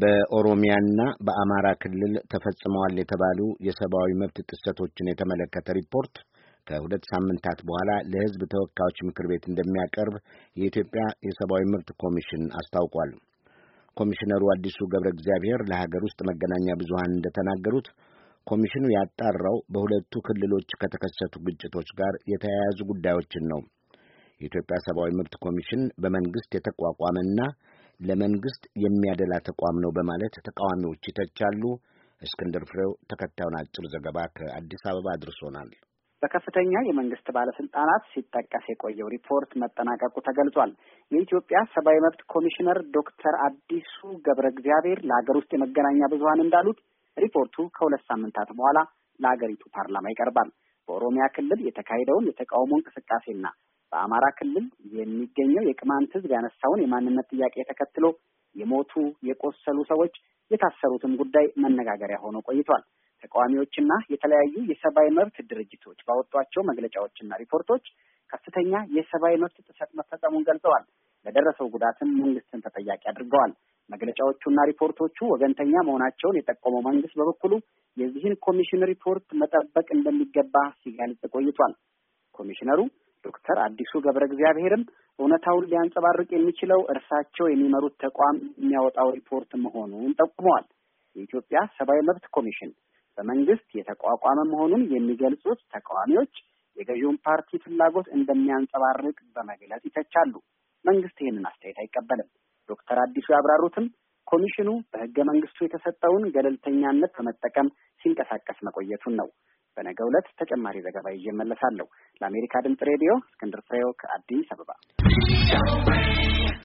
በኦሮሚያና በአማራ ክልል ተፈጽመዋል የተባሉ የሰብአዊ መብት ጥሰቶችን የተመለከተ ሪፖርት ከሁለት ሳምንታት በኋላ ለሕዝብ ተወካዮች ምክር ቤት እንደሚያቀርብ የኢትዮጵያ የሰብአዊ መብት ኮሚሽን አስታውቋል። ኮሚሽነሩ አዲሱ ገብረ እግዚአብሔር ለሀገር ውስጥ መገናኛ ብዙሃን እንደተናገሩት ኮሚሽኑ ያጣራው በሁለቱ ክልሎች ከተከሰቱ ግጭቶች ጋር የተያያዙ ጉዳዮችን ነው። የኢትዮጵያ ሰብአዊ መብት ኮሚሽን በመንግስት የተቋቋመና ለመንግስት የሚያደላ ተቋም ነው በማለት ተቃዋሚዎች ይተቻሉ። እስክንድር ፍሬው ተከታዩን አጭር ዘገባ ከአዲስ አበባ አድርሶናል። በከፍተኛ የመንግስት ባለስልጣናት ሲጠቀስ የቆየው ሪፖርት መጠናቀቁ ተገልጿል። የኢትዮጵያ ሰብአዊ መብት ኮሚሽነር ዶክተር አዲሱ ገብረ እግዚአብሔር ለሀገር ውስጥ የመገናኛ ብዙሀን እንዳሉት ሪፖርቱ ከሁለት ሳምንታት በኋላ ለሀገሪቱ ፓርላማ ይቀርባል። በኦሮሚያ ክልል የተካሄደውን የተቃውሞ እንቅስቃሴና በአማራ ክልል የሚገኘው የቅማንት ሕዝብ ያነሳውን የማንነት ጥያቄ ተከትሎ የሞቱ የቆሰሉ ሰዎች የታሰሩትም ጉዳይ መነጋገሪያ ሆኖ ቆይቷል። ተቃዋሚዎችና የተለያዩ የሰብአዊ መብት ድርጅቶች ባወጧቸው መግለጫዎችና ሪፖርቶች ከፍተኛ የሰብአዊ መብት ጥሰት መፈጸሙን ገልጸዋል። ለደረሰው ጉዳትም መንግስትን ተጠያቂ አድርገዋል። መግለጫዎቹና ሪፖርቶቹ ወገንተኛ መሆናቸውን የጠቆመው መንግስት በበኩሉ የዚህን ኮሚሽን ሪፖርት መጠበቅ እንደሚገባ ሲገልጽ ቆይቷል። ኮሚሽነሩ ዶክተር አዲሱ ገብረ እግዚአብሔርም እውነታውን ሊያንጸባርቅ የሚችለው እርሳቸው የሚመሩት ተቋም የሚያወጣው ሪፖርት መሆኑን ጠቁመዋል። የኢትዮጵያ ሰብአዊ መብት ኮሚሽን በመንግስት የተቋቋመ መሆኑን የሚገልጹት ተቃዋሚዎች የገዢውን ፓርቲ ፍላጎት እንደሚያንጸባርቅ በመግለጽ ይተቻሉ። መንግስት ይህንን አስተያየት አይቀበልም። ዶክተር አዲሱ ያብራሩትም ኮሚሽኑ በህገ መንግስቱ የተሰጠውን ገለልተኛነት በመጠቀም ሲንቀሳቀስ መቆየቱን ነው። በነገ ዕለት ተጨማሪ ዘገባ ይዤ እመለሳለሁ። ለአሜሪካ ድምጽ ሬዲዮ እስክንድር ፍሬው ከአዲስ አበባ